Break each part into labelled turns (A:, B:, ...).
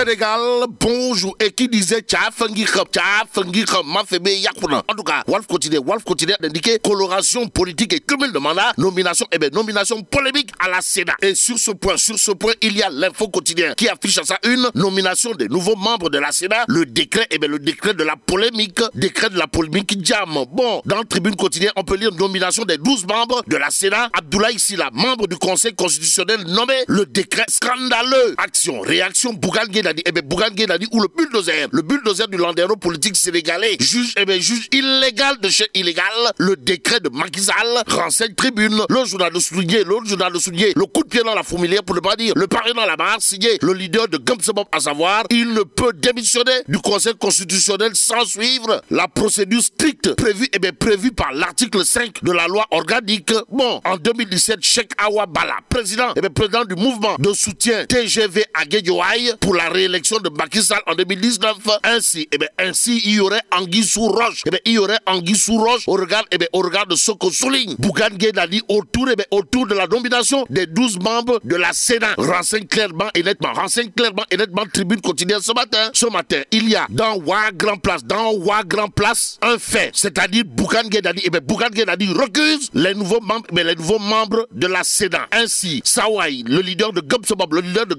A: Sénégal bonjour et qui disait Tchafengi fangi tchafengi fangi ma en tout cas Wolf Quotidien Wolf Quotidien Indiqué coloration politique et cumul de mandat nomination et eh bien nomination polémique à la Sénat et sur ce point sur ce point il y a l'info quotidien qui affiche à ça une nomination des nouveaux membres de la Sénat le décret et eh bien le décret de la polémique décret de la polémique jam bon dans Tribune quotidien on peut lire nomination des 12 membres de la Sénat Abdoulaye Sila membre du Conseil constitutionnel nommé le décret scandaleux action réaction Bougal dit eh bien, Bougan ou le bulldozer, le bulldozer du landéro politique sénégalais, juge, eh bien, juge illégal de chez illégal, le décret de Macky renseigne tribune, le journal de souligner, l'autre journal de souligner, le coup de pied dans la fourmilière pour ne pas dire, le pari dans la barre, signé le leader de Gumpsebop à savoir, il ne peut démissionner du Conseil constitutionnel sans suivre la procédure stricte prévue, eh bien, prévue par l'article 5 de la loi organique. Bon, en 2017, Cheikh Awa Bala, président, eh ben président du mouvement de soutien TGV à pour la élection de Macky Sall en 2019. Ainsi, et eh ainsi, il y aurait Anguille sous roche. Et eh il y aurait Anguille sous roche au regard, et eh au regard de ce que souligne Bougan autour, et autour de la nomination des 12 membres de la Sénat. Renseigne clairement et nettement, renseigne clairement et nettement tribune quotidienne ce matin. Ce matin, il y a dans Wa Grand Place, dans Grand Place, un fait. C'est-à-dire Bougan Gedali et bien, recuse les nouveaux membres, mais les nouveaux membres de la Sénat. Ainsi, Sawai, le leader de Gobsobop, le leader de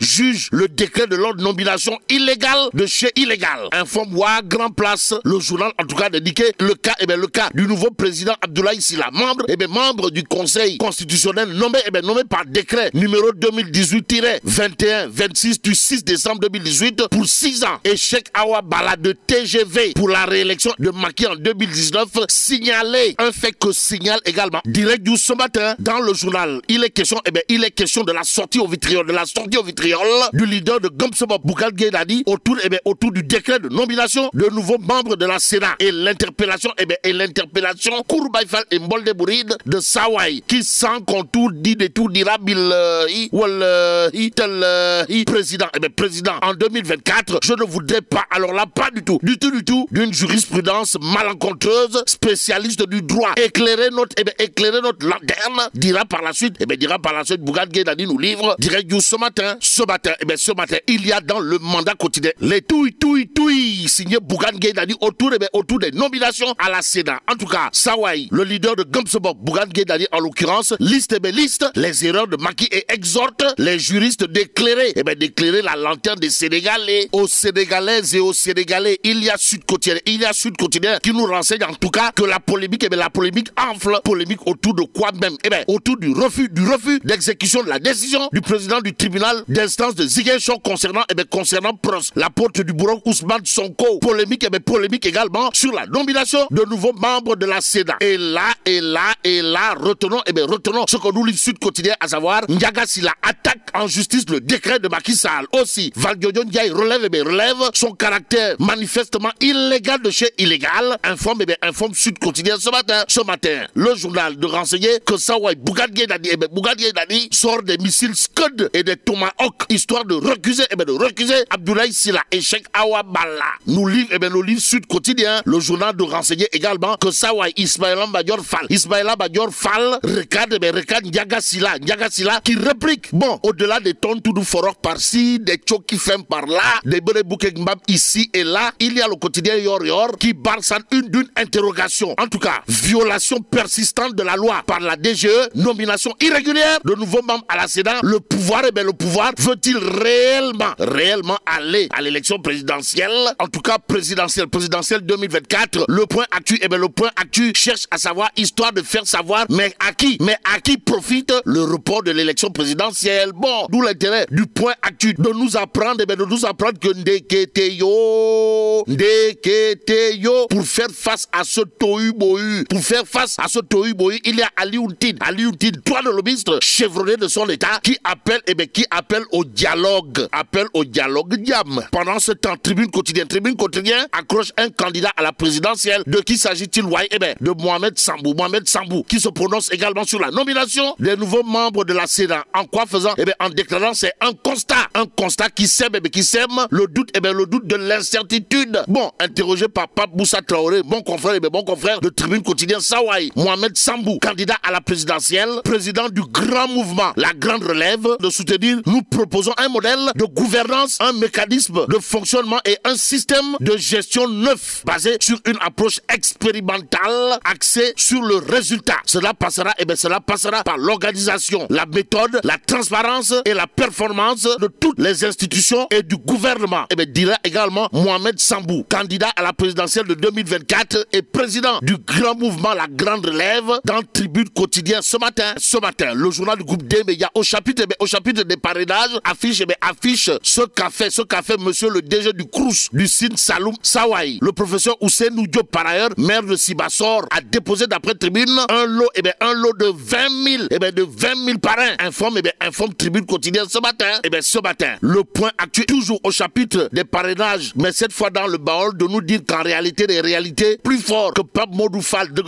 A: juge le décret de l'ordre nomination illégale de chez illégal. Informe moi Grand Place, le journal en tout cas dédiqué le cas, et eh bien le cas du nouveau président Abdoulaye Silla, membre, et eh membre du Conseil constitutionnel nommé, et eh bien nommé par décret numéro 2018-21-26 du 6 décembre 2018 pour 6 ans. Échec Awa Bala de TGV pour la réélection de Maki en 2019 signalé. Un fait que signale également direct du ce matin dans le journal. Il est question, et bien il est question de la sortie au vitriol, de la sortie au vitriol du leader de Gom Boukal dadi autour, eh autour du décret de nomination de nouveaux membres de la Sénat et l'interpellation eh bien, et l'interpellation Kourbaïfal et Bouride de Sawaï qui sans contour dit des tout dira il, euh, Wallahi euh, euh, président eh bien, président en 2024 je ne voudrais pas alors là pas du tout du tout du tout d'une jurisprudence malencontreuse spécialiste du droit éclairer notre eh bien, éclairer notre lanterne dira par la suite eh bien, dira par la suite Boukal Gaydadi nous livre direct du ce matin ce matin eh bien, ce matin il y a dans le mandat quotidien les touilles, touilles, touilles signé Bougan Gaydani autour, eh autour des nominations à la Sénat. En tout cas, Sawai, le leader de Gomsebok, Bougan Gaydani en l'occurrence, eh liste les erreurs de Maki et exhorte les juristes d'éclairer, et eh bien, déclarer la lanterne des Sénégalais. Aux Sénégalais et aux Sénégalais, il y a Sud Quotidien, il y a Sud Quotidien qui nous renseigne en tout cas que la polémique, et bien, la polémique enfle. Polémique autour de quoi même? et bien, autour du refus, du refus d'exécution de la décision du président du tribunal d'instance de Ziguinchor concernant, eh bien, concernant Pros, la porte du bourreau Ousmane Sonko. Polémique, eh bien, polémique également sur la nomination de nouveaux membres de la SEDA. Et là, et là, et là, retenons, eh bien, retenons ce que nous lit Sud quotidien, à savoir, la attaque en justice le décret de Macky Sall. Aussi, val Ndiaye relève, eh bien, relève son caractère manifestement illégal de chez illégal. Informe, eh bien, informe Sud quotidien ce matin. Ce matin, le journal de renseigner que Sawai Bougadier eh sort des missiles Scud et des Tomahawk, histoire de recul et eh bien de recuser Abdoulaye Silla et Awa Bala. Nous lisons Et eh bien le livre Sud Quotidien, le journal de renseigner également que Sawai Ismaïla Badior Fall, Ismaïla Badior Fall recadre, eh bien recadre Ndiaga Silla, Ndiaga Silla qui réplique. Bon, au-delà des tons tout forok par-ci, des ferment par-là, des Berebouke Mbab ici et là, il y a le quotidien Yor Yor qui sans une d'une interrogation. En tout cas, violation persistante de la loi par la DGE, nomination irrégulière de nouveaux membres à la Sénat. Le pouvoir, et eh bien le pouvoir veut-il réellement réellement, réellement aller à l'élection présidentielle, en tout cas présidentielle, présidentielle 2024, le point actuel, et eh bien le point actuel cherche à savoir, histoire de faire savoir, mais à qui, mais à qui profite le report de l'élection présidentielle. Bon, d'où l'intérêt du point actuel de nous apprendre, et eh bien de nous apprendre que Ndeketeyo, Ndeketeyo, pour faire face à ce tohu bohu, pour faire face à ce tohu bohu, il y a Ali Untin, Ali Untin, toi le ministre chevronné de son état, qui appelle, et eh bien qui appelle au dialogue appel au dialogue diable. Pendant ce temps, tribune quotidienne, tribune quotidienne accroche un candidat à la présidentielle. De qui s'agit-il, wa eh bien, de Mohamed Sambou. Mohamed Sambou, qui se prononce également sur la nomination des nouveaux membres de la Sénat. En quoi faisant Eh bien, en déclarant, c'est un constat. Un constat qui sème, eh ben, qui sème le doute, eh bien, le doute de l'incertitude. Bon, interrogé par Pape Boussa Traoré, bon confrère, eh bien, bon confrère de tribune quotidienne Sawai. Mohamed Sambou, candidat à la présidentielle, président du grand mouvement, la grande relève, de soutenir, nous proposons un modèle de gouvernance, un mécanisme de fonctionnement et un système de gestion neuf basé sur une approche expérimentale axée sur le résultat. Cela passera, et eh bien cela passera par l'organisation, la méthode, la transparence et la performance de toutes les institutions et du gouvernement. Et eh bien dira également Mohamed Sambou, candidat à la présidentielle de 2024 et président du grand mouvement La Grande Relève dans Tribune quotidien ce matin. Ce matin, le journal du groupe D, a au chapitre, eh au chapitre des parrainages, affiche, mais affiche ce qu'a fait, ce qu'a fait monsieur le DG du Crous, SIN Saloum Sawai. Le professeur Ousse Diop, par ailleurs, maire de Sibassor, a déposé d'après tribune un lot, et eh bien, un lot de 20 000, et bien, de 20 000 parrains. Informe, et eh bien, informe tribune quotidienne ce matin. Et eh bien, ce matin, le point actuel, toujours au chapitre des parrainages, mais cette fois dans le baol de nous dire qu'en réalité, des réalités, plus fortes que Pape Modoufal de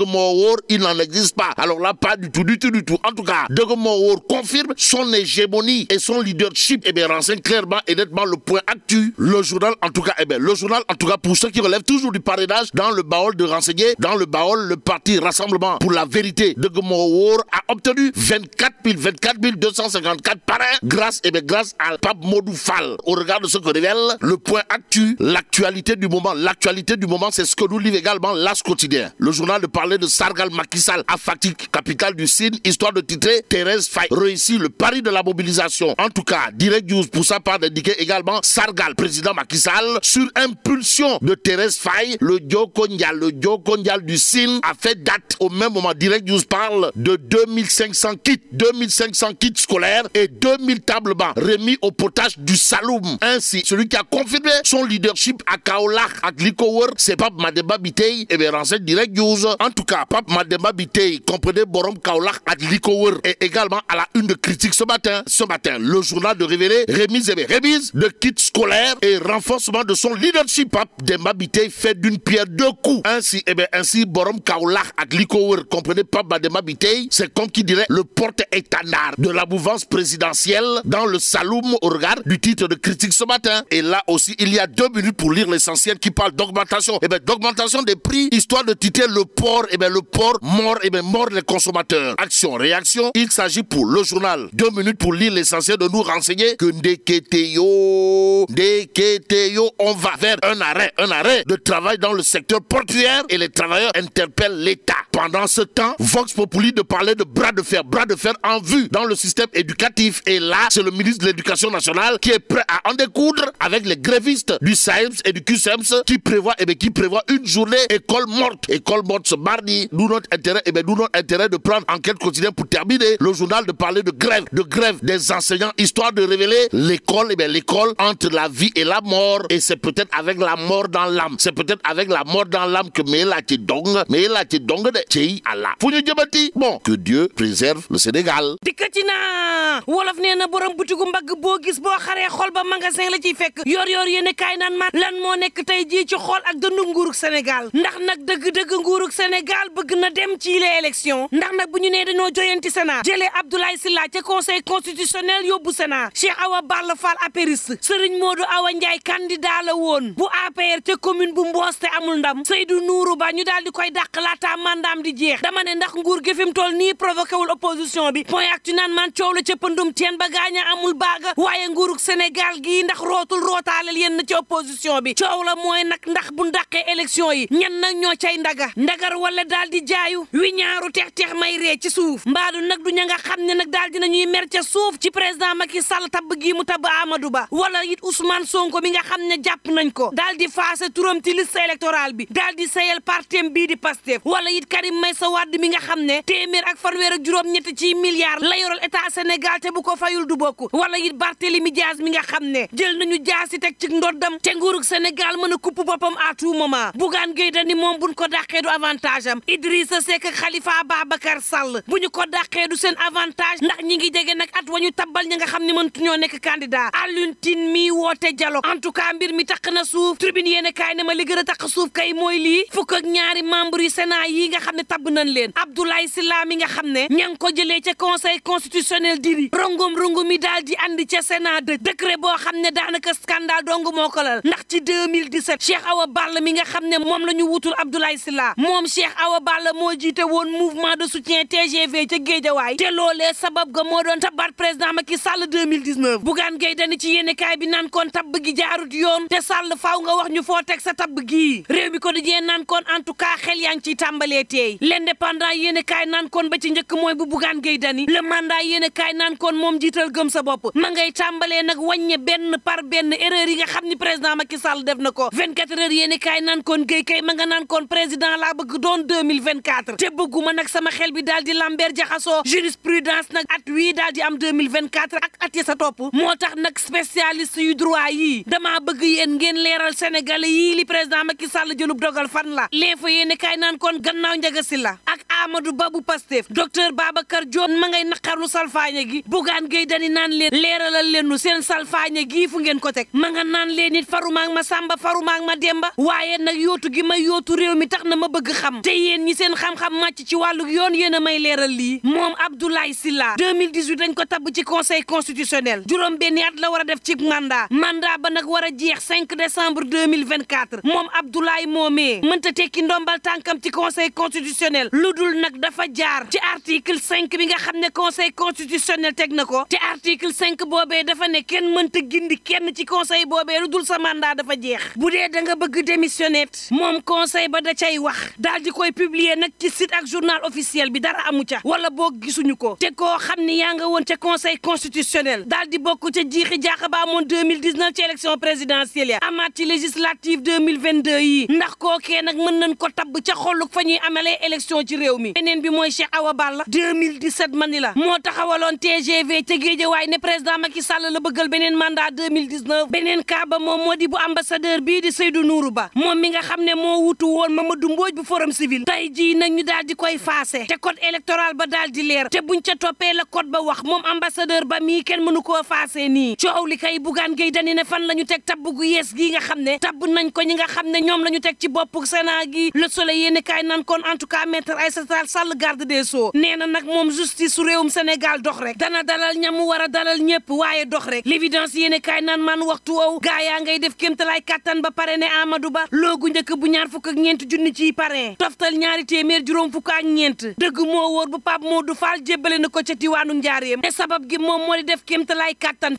A: il n'en existe pas. Alors là, pas du tout, du tout, du tout. En tout cas, de confirme son hégémonie et son leadership. Et bien, renseigne et nettement le point actuel, Le journal, en tout cas, eh bien, le journal, en tout cas, pour ceux qui relèvent toujours du parrainage, dans le baol de renseigner, dans le baol, le parti Rassemblement pour la vérité de Gomorrah a obtenu 24 24 254 parrains grâce, et eh bien, grâce à Pape Modou Fall. Au regard de ce que révèle le point actuel, l'actualité du moment. L'actualité du moment, c'est ce que nous livre également l'As quotidien. Le journal de parler de Sargal Makissal à Fatik, capitale du Sine, histoire de titrer Thérèse Faye réussit le pari de la mobilisation. En tout cas, Direct News pour ça d'indiquer également Sargal, président Macky sur impulsion de Thérèse Faye, le Diokondial, le du SIN a fait date au même moment. Direct News parle de 2500 kits, 2500 kits scolaires et 2000 tables bancs remis au potage du Saloum. Ainsi, celui qui a confirmé son leadership à Kaolach, à Glikower, c'est Pape Mademba Bitei, et eh bien renseigne Direct News. En tout cas, Pape Mademba Bitei, comprenez Borom Kaolach à Glikower, et également à la une de critique ce matin. Ce matin, le journal de révéler remise Remise de kit scolaire et renforcement de son leadership des Mabité fait d'une pierre deux coups. Ainsi, eh bien, ainsi, Borom Kaolah Aglikower, comprenez pas c'est comme qui dirait le porte-étanard de la mouvance présidentielle dans le saloum au regard du titre de critique ce matin. Et là aussi, il y a deux minutes pour lire l'essentiel qui parle d'augmentation. Eh bien, d'augmentation des prix, histoire de titrer le port, eh bien, le port mort, eh bien, mort les consommateurs. Action, réaction, il s'agit pour le journal. Deux minutes pour lire l'essentiel de nous renseigner que Ndeke on va vers un arrêt, un arrêt de travail dans le secteur portuaire et les travailleurs interpellent l'État. Pendant ce temps, Vox Populi de parler de bras de fer, bras de fer en vue dans le système éducatif. Et là, c'est le ministre de l'Éducation nationale qui est prêt à en découdre avec les grévistes du SAEMS et du QSEMS qui prévoit, et eh qui prévoit une journée école morte. École morte ce mardi. Nous, notre intérêt, et eh nous, notre intérêt de prendre enquête quotidienne pour terminer le journal de parler de grève, de grève des enseignants, histoire de révéler l'école l'école, eh bien l'école entre la vie et la mort, et c'est peut-être avec la mort dans l'âme. C'est peut-être avec la mort dans l'âme que Mela Tidong, Mela Tidong de Tchei Allah. Founou Djabati. Bon, que Dieu préserve le Sénégal.
B: Dikatina! Wolof nee na borom boutique mbagg boo gis bo xaree xol ba magasin la ci fek yor yor yene kay nan man lan mo nek tay ji ci xol ak de nguurug Sénégal ndax nak deug deug nguurug Sénégal bëgg na dem ci les élections ndax nak buñu né nee dañoo Sénat Jélé Abdoulaye Sylla ci conseil constitutionnel yobu Sénat Cheikh Awa Balla Ibra Fall apériste Serigne Modou Awa Ndiaye candidat la woon bu APR ca commune bu Mboos te amul ndam Seydou Nourou Ba ñu daal di koy dàq laata mandaam di jeex dama ne ndax nguur gi fi mu toll nii provoqué wul opposition bi point ak ci naan man coow la ca pëndum teen ba gaañ amul baaga waaye nguurug Sénégal gii ndax rootul rootaaleel yenn ci opposition bi coow la mooy nag ndax bu ndàqee élection yi ñan nag ñoo cay ndaga ndagar wala daal jaayu wi ñaaru teex teex may ree ci suuf mbaadu nag du ña nga xam ne nag daal dinañuy mer ca suuf ci président Macky Sall tabb gii mu tabb ba Amadou Ba wala it Ousmane Sonko mi nga xamne japp nañ ko daldi di faase turam ti liste électorale bi daldi sayel partem bi di Pastef wala it Karim sa wad mi nga xamne ne ak fanwer ak juroom ñet ci milliard la yoral état Sénégal te bu ko fayul du bokku wala it Barthélemy Diaz mi nga xamne jël nañu jaasi tek ci ndodam te nguruk Sénégal mëna a bopam à tout moment Bougane gey Dany mom buñ ko daxé du avantage am Idrissa Seck Khalifa babakar Sall buñ ko daxé du sen avantage ndax ñi ngi jégué nak at wañu tabal ñi nga xamne ñoo nek candidat candidat Alioune woote dialogue en mbir mi taq na suuf tribune yéen kaay ma li gën a taq suuf kay mooy lii fukk ñaari membre yu yi nga xam ne tabb nañ leen Abdoulaye Sylla mi nga xam ne ña ngi ko jëlee ca conseil constitutionnel diri rongom rongom mi daal di andi ca sénat dëj décret boo xam ne daanaka scandale dong lal ndax ci 2017 Awa Balla mi nga xam ne moom la ñu wutul Abdoulaye Sylla moom Cheikh Awa Balla moo jiite woon mouvement de soutien TGV Ndiaye dana ci yene kay bi nan kon tab gi jaarut yoon te sall faaw nga wax ñu fo tek sa tab gi rew mi ko dijee nan kon en tout cas xel yaa ci tambale tàmbalee l'indépendant yene kay nan kon ba ci ñeuk moy bu bugan gay dani le mandat yene kay nan kon mom jital gem sa bop ma ngay tambale nak wagne ben par ben erreur yi nga xamni ni président Macky Sall def nako 24 heures yene kay nan kon gey kay ma nga nan kon président la bëgg doon 2024 te bëgguma nak sama xel bi daldi di jaxaso jurisprudence nak at wii daldi am 2024 ak at ya sa top motax nak spécialiste yu droit yi dama bëgg yeen ngeen léral sénégalais yi li président Macky Sall jëlub dogal fan la l'info yéen kay nan kon gannaaw njaga la ak Amadou Ba Pastef docteur Babacar Diop ma ngay nakarlu salfañe gi bugaan géy dani nan leen léralal leen nu seen salfaañe gii fu ngeen ko tek ma nga naan leen it ak ma samba sàmba ak ma demba waaye nak yotu gi may yotu réew mi tax na ma bëgg xam te yeen ñi sen xam-xam màcc ci walu yoon yéen may léral li mom Abdoulaye Silla 2018 dañ ko tabb ci conseil constitutionnel juroom ben ni at la wara def ci mandat mandat ba nak wara jeex 5 décembre 2024 Mom Abdoulaye Momé meunta teki ndombal tankam ci conseil constitutionnel ludul nak dafa jaar ci article 5 bi nga xamné conseil constitutionnel tek nako ci article 5 bobé dafa né kenn meunta gindi kenn ci conseil bobé ludul sa mandat dafa jeex bu da nga bëgg démissionner mom conseil ba da cey wax dal di koy publier nak ci site ak journal officiel bi dara amu ca wala bok gisunu ko té ko xamné ya nga won ci conseil constitutionnel dal di bokku ci jiixi jaaxa ba amoon 2019 ci élection présidentielle ya amaat ci législative 2022 yi ndax kookee nag mën nañ ko tabb ca xol fa ñuy amalee élection ci réew mi beneen bi mooy Cheikh Awa Balla 2017 mani la moo taxawaloon TGV ca Géejawaay ne président Macky Sall la bëggal beneen mandat 2019 beneen cas ba moom moo di bu ambassadeur bii di sey Seydou Nourou Ba moom mi nga xam ne moo wutu woon Mamadou Mbodj bu forum civil tey jii nag ñu daal di koy faase te code électoral ba daal di leer buñ ca toppee la code ba wax moom ambassadeur ba mii kenn mënu koo faase nii coow li kay bugaan gay dani ne fan la ñu teg tabb gu yees gii nga xam ne tabb nañ ko ñi nga xam ne ñoom la ñu teg ci boppu Sénat gi Le Soleil yéen kaay nan kon en tout cas sa Aïssata Tall Sall garde des Sceaux nee na nag moom justice su réewum Sénégal dox rek dana dalal ñamu war a dalal ñëpp waaye dox rek l'évidence yéen kaay man waxtu woowu gaa yaa ngay def kéemtalaay kàttan ba pare ne Amadou Ba loogu njëkk bu ñaar fukk ak ñeent junni ci parrain toftal ñaari téeméer juróom fukk ak ñeent dëgg moo wóor bu Pape Modou Fall jébbale na ko ca diwaanu Njaareem te sabab gi moom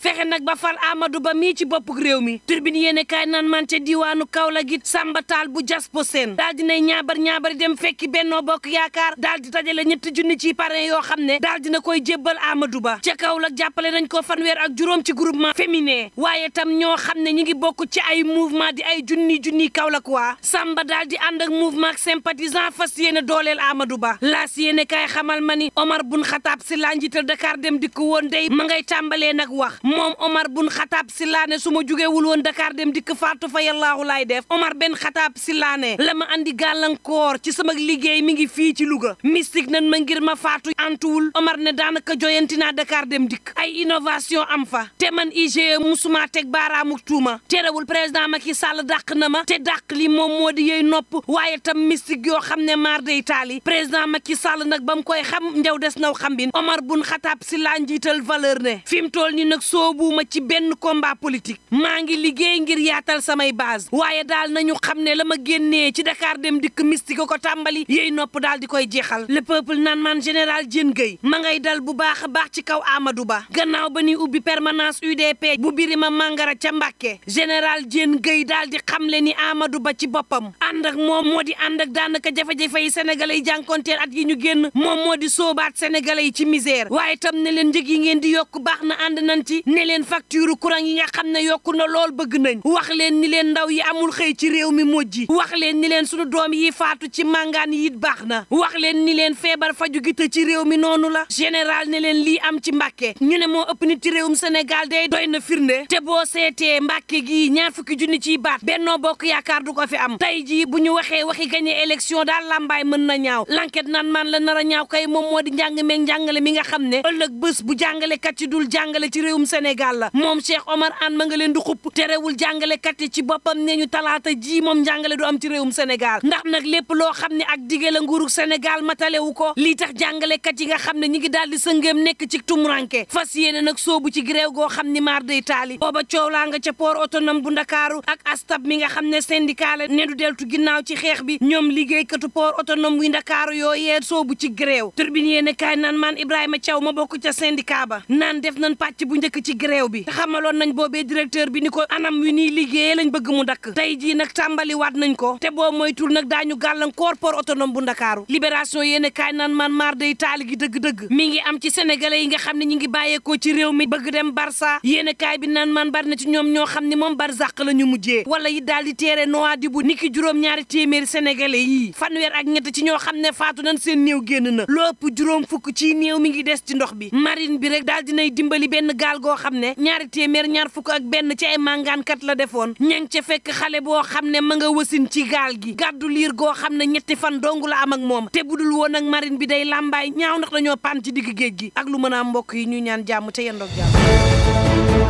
B: fexe nag ba fal Amadou Ba mii ci boppuk réew mi turbine yéene kaay nan man ce diwaanu Kaolack it Samba Tall bu jaspo seen daal nay ñaabar ñaabari dem fekki Benno Bokk Yaakaar daal di dajale ñetti junni ci parrain yoo xam ne daal dina koy jébbal Amadou Ba ca Kaolack jàppale nañ ko weer ak juróom ci groupement féminin waaye tam ñoo xam ne ñi ngi bokk ci ay mouvement di ay junni junni Kaolack waa Samba daal di ànd ak mouvement ak sympathisant fas yéene dooleel Amadou Ba laas yéene kaay xamal ma ni Omar bun Xataab si laa njiital Dakar dem dikk woon day ma ngay tàmbalee nag wax moom Omar bun Xataab Sillaane su ma jugewul woon Dakar dem dikk faatu fa yàllaahu laay def Omar benn Xataab Sillaane la ma andi gàllankoor ci sama liggéey mi ngi fii ci Louga mystique nan ma ngir ma faatu antuwul Omar ne daanaka joyanti naa Dakar dem dikk ay innovation am fa te man IGE musuma teg baaraamu tuuma terewul président Macky Sall dàq na ma te dàq lii moom moo di yey nopp waaye tam mystique yoo xam ne maar day taali président Macky Sall nag ba mu koy xam ndew des naw xam bin Omar bun Xataab njiital valeur ne mu toll nii nag soo soobuuma ci benn combat politique maa ngi liggéey ngir yaatal samay base waaye daal nañu xam ne la ma génnee ci Dakar dem dikk mystique ko tàmbali yéy nopp daal di koy jeexal le peuple naan man général Diène Gueye ma ngay dal bu baax a baax ci kaw Amadou Ba gannaaw ba ni ubbi permanence UDP bu Birima Mangara ca Mbàkke général Diène Gueye daal di xamle ni amaduba ci boppam ànd ak moom moo di ànd ak daanaka jafe-jafe yi sénégalais yi jànkonteel at yi ñu génn moom moo di soobaat sénégalais yi ci misère waaye tam ne leen njëg yi ngeen di yokk baax na ànd nañ ci ne leen facture courant yi nga xam ne yokku na lool bëgg nañ wax leen ni leen ndaw yi amul xëy ci réew mi mujj wax leen ni leen sunu doom yi faatu ci màngaan yi it baax na wax leen ni leen feebar faju gi ci réew mi noonu la général ne leen lii am ci Mbàkke ñu ne moo ëpp nit ci réewum Sénégal day doy na firnde te boo seetee Mbàkke gii ñaar fukki junni ci baat Benno Bokk Yaakaar du ko fi am tey ji bu ñu waxee waxi gagné élection daal làmbaay mën na ñaaw l'enquête naan maan la nar a ñaaw kay moom moo di njàng meeg njàngale mi nga xam ne ëllëg bés bu jàngalekat ci dul jàngale ci réewum Sénégal Sénégal la moom Cheikh Omar Anne ma nga leen di xupp terewul jàngalekat yi ci boppam ne ñu talaata ji moom njàngale du am ci senegal Sénégal ndax nag lépp loo xam ne ak digee la nguurug Sénégal matalewu ko lii tax jàngalekat yi nga xam ne ñi ngi daal di sëngéem nekk ci tumuranke fas yéene nag soobu ci gréew goo xam ni maar day taali booba coow laa ca port autonome bu ak astab mi nga xam ne syndicat la ne du deltu ginnaaw ci xeex bi ñoom liggéeykatu port autonome bu Ndakaaru yooyee soobu ci gréew turbine yéene kaay naan maan Ibrahima Thiaw ma bokk ca syndicat ba def nan pàcc bu njëkk ci grève bi te xamaloon nañ boobee directeur bi ni ko anam wi nii liggéeyee lañ bëgg mu dakk tey jii nag tàmbaliwaat nañ ko te boo moytul nag daañu gàllankoor port otonom bu ndakaaru libération yéene kaay nan man maar day taali gi dëgg-dëgg mi ngi am ci sénégalais yi nga xam ne ñu ngi bàyyeekoo ci réew mi bëgg dem barça yéene kaay bi naan man bari na ci ñoom ñoo xam ne moom barzàq la ñu mujjee wala yi daal di téere di bu ki juróom ñaari téeméeri sénégalais yii fanweer ak ñett ci ñoo xam ne faatu nañ seen néew génn na lu juróom fukk ci néew mi ngi des ci ndox bi marine bi rek daal dimbali benn gaal xam ne ñaari téeméer ñaar fukk ak benn ci ay màngaankat la defoon ña ngi ca fekk xale boo xam ne ma nga wasin ci gaal gi gàddu liir goo xam ne ñetti fan dong la am ak moom te budul woon ak marine bi day làmbaay ñaaw ndax dañoo paan ci digg géej gi ak lu mën a mbokk yi ñu ñaan jàmm te yendoog jàmm